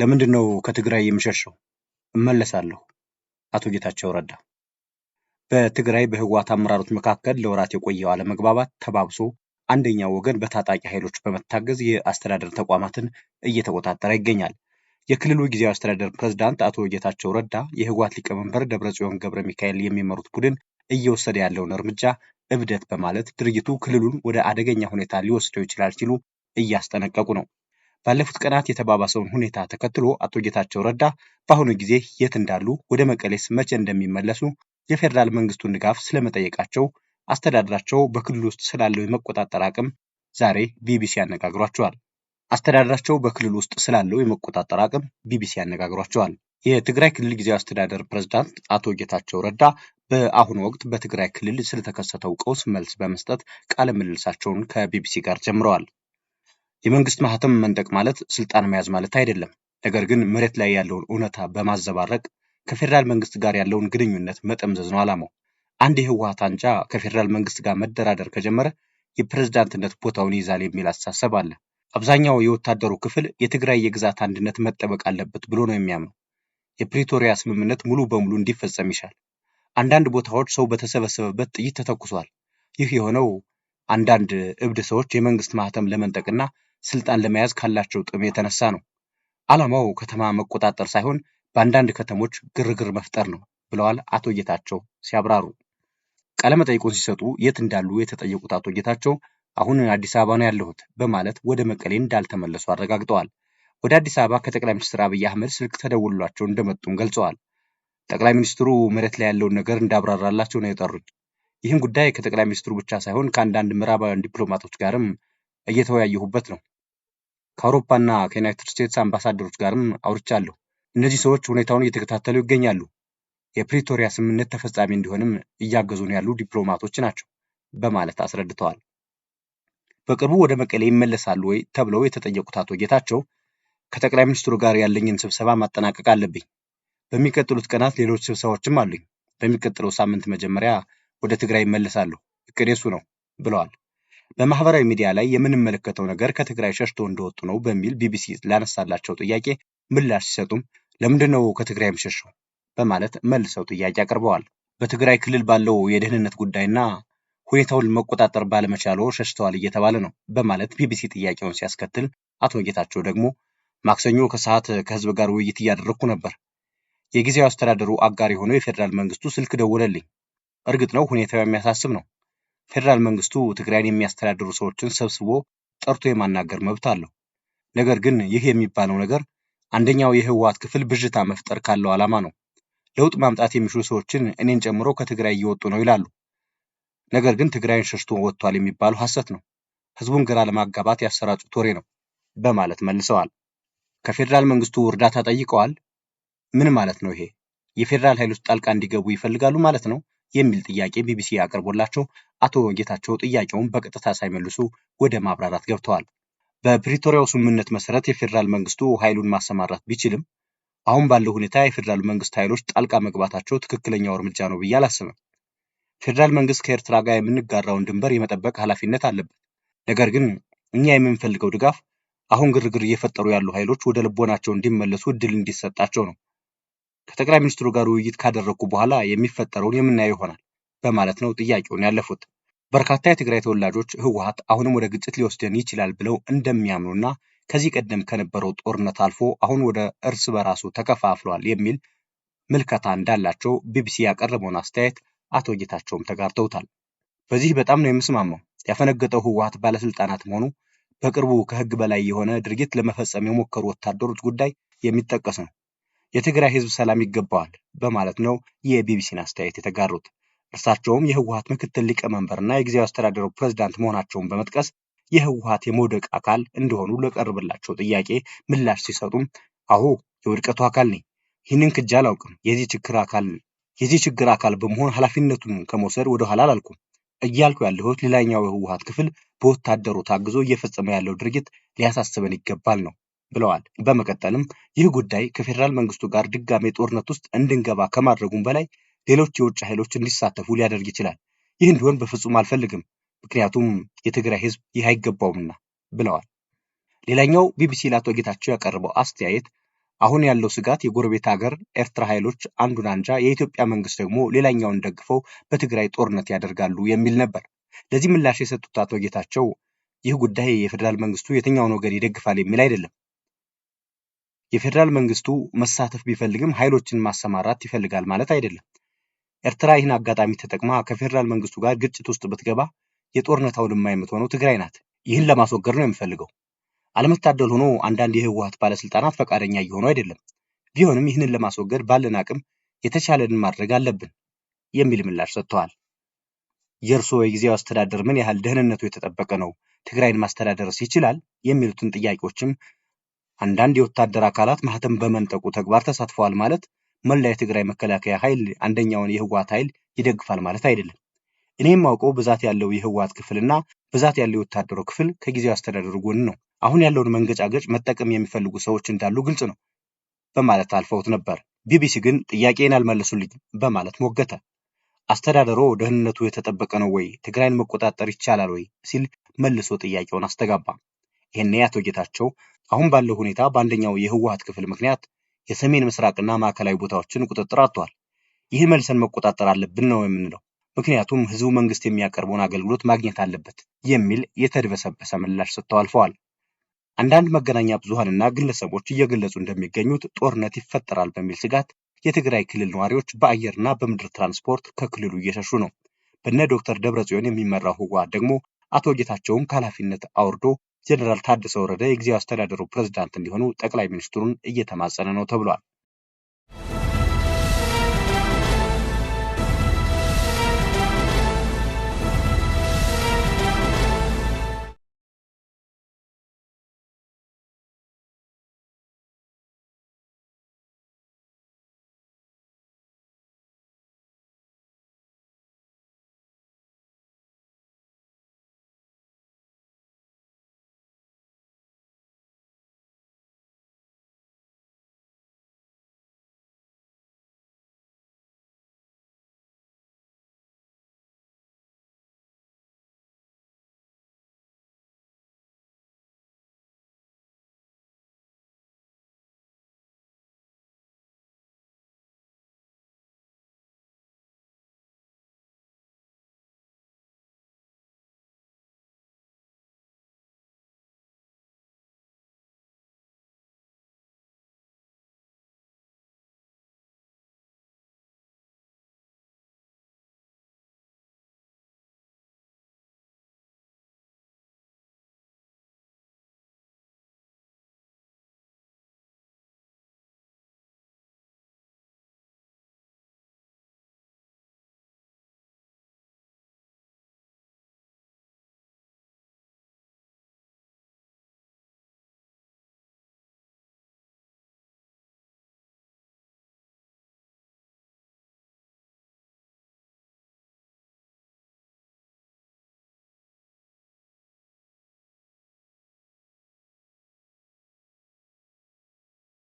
ለምንድን ነው ከትግራይ የምሸሸው? እመለሳለሁ። አቶ ጌታቸው ረዳ በትግራይ በህወሓት አመራሮች መካከል ለወራት የቆየው አለመግባባት ተባብሶ አንደኛው ወገን በታጣቂ ኃይሎች በመታገዝ የአስተዳደር ተቋማትን እየተቆጣጠረ ይገኛል። የክልሉ ጊዜያዊ አስተዳደር ፕሬዝዳንት አቶ ጌታቸው ረዳ የህወሓት ሊቀመንበር ደብረጽዮን ገብረ ሚካኤል የሚመሩት ቡድን እየወሰደ ያለውን እርምጃ እብደት በማለት ድርጊቱ ክልሉን ወደ አደገኛ ሁኔታ ሊወስደው ይችላል ሲሉ እያስጠነቀቁ ነው። ባለፉት ቀናት የተባባሰውን ሁኔታ ተከትሎ አቶ ጌታቸው ረዳ በአሁኑ ጊዜ የት እንዳሉ፣ ወደ መቀሌስ መቼ እንደሚመለሱ የፌዴራል መንግስቱን ድጋፍ ስለመጠየቃቸው አስተዳደራቸው በክልል ውስጥ ስላለው የመቆጣጠር አቅም ዛሬ ቢቢሲ ያነጋግሯቸዋል። አስተዳደራቸው በክልል ውስጥ ስላለው የመቆጣጠር አቅም ቢቢሲ ያነጋግሯቸዋል። የትግራይ ክልል ጊዜያዊ አስተዳደር ፕሬዝዳንት አቶ ጌታቸው ረዳ በአሁኑ ወቅት በትግራይ ክልል ስለተከሰተው ቀውስ መልስ በመስጠት ቃለ ምልልሳቸውን ከቢቢሲ ጋር ጀምረዋል። የመንግስት ማህተም መንጠቅ ማለት ስልጣን መያዝ ማለት አይደለም። ነገር ግን መሬት ላይ ያለውን እውነታ በማዘባረቅ ከፌዴራል መንግስት ጋር ያለውን ግንኙነት መጠምዘዝ ነው ዓላማው። አንድ የህወሀት አንጃ ከፌዴራል መንግስት ጋር መደራደር ከጀመረ የፕሬዝዳንትነት ቦታውን ይይዛል የሚል አስተሳሰብ አለ። አብዛኛው የወታደሩ ክፍል የትግራይ የግዛት አንድነት መጠበቅ አለበት ብሎ ነው የሚያምነው። የፕሪቶሪያ ስምምነት ሙሉ በሙሉ እንዲፈጸም ይሻል። አንዳንድ ቦታዎች ሰው በተሰበሰበበት ጥይት ተተኩሷል። ይህ የሆነው አንዳንድ እብድ ሰዎች የመንግስት ማህተም ለመንጠቅና ስልጣን ለመያዝ ካላቸው ጥም የተነሳ ነው። ዓላማው ከተማ መቆጣጠር ሳይሆን በአንዳንድ ከተሞች ግርግር መፍጠር ነው ብለዋል አቶ ጌታቸው ሲያብራሩ። ቃለመጠይቁን ሲሰጡ የት እንዳሉ የተጠየቁት አቶ ጌታቸው አሁን አዲስ አበባ ነው ያለሁት በማለት ወደ መቀሌ እንዳልተመለሱ አረጋግጠዋል። ወደ አዲስ አበባ ከጠቅላይ ሚኒስትር አብይ አህመድ ስልክ ተደውሏቸው እንደመጡም ገልጸዋል። ጠቅላይ ሚኒስትሩ መሬት ላይ ያለውን ነገር እንዳብራራላቸው ነው የጠሩኝ። ይህን ጉዳይ ከጠቅላይ ሚኒስትሩ ብቻ ሳይሆን ከአንዳንድ ምዕራባውያን ዲፕሎማቶች ጋርም እየተወያየሁበት ነው። ከአውሮፓና ከዩናይትድ ስቴትስ አምባሳደሮች ጋርም አውርቻለሁ። እነዚህ ሰዎች ሁኔታውን እየተከታተሉ ይገኛሉ። የፕሪቶሪያ ስምምነት ተፈጻሚ እንዲሆንም እያገዙ ነው ያሉ ዲፕሎማቶች ናቸው በማለት አስረድተዋል። በቅርቡ ወደ መቀሌ ይመለሳሉ ወይ ተብለው የተጠየቁት አቶ ጌታቸው ከጠቅላይ ሚኒስትሩ ጋር ያለኝን ስብሰባ ማጠናቀቅ አለብኝ። በሚቀጥሉት ቀናት ሌሎች ስብሰባዎችም አሉኝ። በሚቀጥለው ሳምንት መጀመሪያ ወደ ትግራይ ይመለሳለሁ። እቅዴ እሱ ነው ብለዋል። በማህበራዊ ሚዲያ ላይ የምንመለከተው ነገር ከትግራይ ሸሽቶ እንደወጡ ነው በሚል ቢቢሲ ላነሳላቸው ጥያቄ ምላሽ ሲሰጡም ለምንድን ነው ከትግራይ የምሸሸው በማለት መልሰው ጥያቄ አቅርበዋል። በትግራይ ክልል ባለው የደህንነት ጉዳይና ሁኔታውን መቆጣጠር ባለመቻሎ ሸሽተዋል እየተባለ ነው በማለት ቢቢሲ ጥያቄውን ሲያስከትል አቶ ጌታቸው ደግሞ ማክሰኞ ከሰዓት ከህዝብ ጋር ውይይት እያደረግኩ ነበር። የጊዜያዊ አስተዳደሩ አጋር የሆነው የፌዴራል መንግስቱ ስልክ ደውለልኝ። እርግጥ ነው ሁኔታው የሚያሳስብ ነው። ፌዴራል መንግስቱ ትግራይን የሚያስተዳድሩ ሰዎችን ሰብስቦ ጠርቶ የማናገር መብት አለው። ነገር ግን ይህ የሚባለው ነገር አንደኛው የህወሓት ክፍል ብዥታ መፍጠር ካለው ዓላማ ነው። ለውጥ ማምጣት የሚሹ ሰዎችን እኔን ጨምሮ ከትግራይ እየወጡ ነው ይላሉ። ነገር ግን ትግራይን ሸሽቶ ወጥቷል የሚባሉ ሐሰት ነው፣ ህዝቡን ግራ ለማጋባት ያሰራጩት ወሬ ነው በማለት መልሰዋል። ከፌዴራል መንግስቱ እርዳታ ጠይቀዋል። ምን ማለት ነው ይሄ? የፌዴራል ኃይሎች ጣልቃ እንዲገቡ ይፈልጋሉ ማለት ነው? የሚል ጥያቄ ቢቢሲ አቅርቦላቸው አቶ ጌታቸው ጥያቄውን በቀጥታ ሳይመልሱ ወደ ማብራራት ገብተዋል። በፕሪቶሪያው ስምምነት መሰረት የፌዴራል መንግስቱ ኃይሉን ማሰማራት ቢችልም አሁን ባለው ሁኔታ የፌዴራል መንግስት ኃይሎች ጣልቃ መግባታቸው ትክክለኛው እርምጃ ነው ብዬ አላስብም። ፌዴራል መንግስት ከኤርትራ ጋር የምንጋራውን ድንበር የመጠበቅ ኃላፊነት አለበት። ነገር ግን እኛ የምንፈልገው ድጋፍ አሁን ግርግር እየፈጠሩ ያሉ ኃይሎች ወደ ልቦናቸው እንዲመለሱ እድል እንዲሰጣቸው ነው። ከጠቅላይ ሚኒስትሩ ጋር ውይይት ካደረግኩ በኋላ የሚፈጠረውን የምናየው ይሆናል በማለት ነው ጥያቄውን ያለፉት። በርካታ የትግራይ ተወላጆች ህወሀት አሁንም ወደ ግጭት ሊወስደን ይችላል ብለው እንደሚያምኑና ከዚህ ቀደም ከነበረው ጦርነት አልፎ አሁን ወደ እርስ በራሱ ተከፋፍሏል የሚል ምልከታ እንዳላቸው ቢቢሲ ያቀረበውን አስተያየት አቶ ጌታቸውም ተጋርተውታል። በዚህ በጣም ነው የምስማማው። ያፈነገጠው ህወሀት ባለስልጣናት መሆኑ በቅርቡ ከህግ በላይ የሆነ ድርጊት ለመፈጸም የሞከሩ ወታደሮች ጉዳይ የሚጠቀስ ነው። የትግራይ ህዝብ ሰላም ይገባዋል በማለት ነው የቢቢሲን አስተያየት የተጋሩት። እርሳቸውም የህወሀት ምክትል ሊቀመንበርና የጊዜያዊ አስተዳደሩ ፕሬዝዳንት መሆናቸውን በመጥቀስ የህወሀት የመውደቅ አካል እንደሆኑ ለቀርብላቸው ጥያቄ ምላሽ ሲሰጡም አሁ የውድቀቱ አካል ነኝ፣ ይህንን ክጄ አላውቅም። የዚህ ችግር አካል የዚህ ችግር አካል በመሆን ኃላፊነቱን ከመውሰድ ወደኋላ አላልኩም እያልኩ ያለሁት ሌላኛው የህወሀት ክፍል በወታደሩ ታግዞ እየፈጸመ ያለው ድርጊት ሊያሳስበን ይገባል ነው ብለዋል። በመቀጠልም ይህ ጉዳይ ከፌዴራል መንግስቱ ጋር ድጋሜ ጦርነት ውስጥ እንድንገባ ከማድረጉም በላይ ሌሎች የውጭ ኃይሎች እንዲሳተፉ ሊያደርግ ይችላል። ይህ እንዲሆን በፍጹም አልፈልግም፣ ምክንያቱም የትግራይ ህዝብ ይህ አይገባውምና ብለዋል። ሌላኛው ቢቢሲ ለአቶ ጌታቸው ያቀረበው አስተያየት አሁን ያለው ስጋት የጎረቤት ሀገር ኤርትራ ኃይሎች አንዱን አንጃ፣ የኢትዮጵያ መንግስት ደግሞ ሌላኛውን ደግፈው በትግራይ ጦርነት ያደርጋሉ የሚል ነበር። ለዚህ ምላሽ የሰጡት አቶ ጌታቸው ይህ ጉዳይ የፌዴራል መንግስቱ የትኛውን ወገን ይደግፋል የሚል አይደለም የፌዴራል መንግስቱ መሳተፍ ቢፈልግም ኃይሎችን ማሰማራት ይፈልጋል ማለት አይደለም። ኤርትራ ይህን አጋጣሚ ተጠቅማ ከፌዴራል መንግስቱ ጋር ግጭት ውስጥ ብትገባ የጦርነት አውድማ የምትሆነው ትግራይ ናት። ይህን ለማስወገድ ነው የምፈልገው። አለመታደል ሆኖ አንዳንድ የህወሀት ባለስልጣናት ፈቃደኛ እየሆኑ አይደለም። ቢሆንም ይህንን ለማስወገድ ባለን አቅም የተቻለንን ማድረግ አለብን የሚል ምላሽ ሰጥተዋል። የእርስዎ የጊዜያዊ አስተዳደር ምን ያህል ደህንነቱ የተጠበቀ ነው? ትግራይን ማስተዳደርስ ይችላል? የሚሉትን ጥያቄዎችም አንዳንድ የወታደር አካላት ማህተም በመንጠቁ ተግባር ተሳትፈዋል ማለት መላ የትግራይ መከላከያ ኃይል አንደኛውን የህወሓት ኃይል ይደግፋል ማለት አይደለም። እኔ የማውቀው ብዛት ያለው የህወሓት ክፍልና ብዛት ያለው የወታደሩ ክፍል ከጊዜው አስተዳደሩ ጎን ነው። አሁን ያለውን መንገጫገጭ መጠቀም የሚፈልጉ ሰዎች እንዳሉ ግልጽ ነው በማለት አልፈውት ነበር። ቢቢሲ ግን ጥያቄን አልመለሱልኝ በማለት ሞገተ። አስተዳደሮ ደህንነቱ የተጠበቀ ነው ወይ? ትግራይን መቆጣጠር ይቻላል ወይ? ሲል መልሶ ጥያቄውን አስተጋባ። ይህኔ አቶ ጌታቸው አሁን ባለው ሁኔታ በአንደኛው የህወሀት ክፍል ምክንያት የሰሜን ምስራቅና ማዕከላዊ ቦታዎችን ቁጥጥር አጥቷል። ይህ መልሰን መቆጣጠር አለብን ነው የምንለው። ምክንያቱም ህዝቡ መንግስት የሚያቀርበውን አገልግሎት ማግኘት አለበት የሚል የተድበሰበሰ ምላሽ ሰጥተው አልፈዋል። አንዳንድ መገናኛ ብዙሀንና ግለሰቦች እየገለጹ እንደሚገኙት ጦርነት ይፈጠራል በሚል ስጋት የትግራይ ክልል ነዋሪዎች በአየርና በምድር ትራንስፖርት ከክልሉ እየሸሹ ነው። በነ ዶክተር ደብረጽዮን የሚመራው ህወሀት ደግሞ አቶ ጌታቸውን ከኃላፊነት አውርዶ ጀነራል ታደሰ ወረደ የጊዜያዊ አስተዳደሩ ፕሬዝዳንት እንዲሆኑ ጠቅላይ ሚኒስትሩን እየተማጸነ ነው ተብሏል።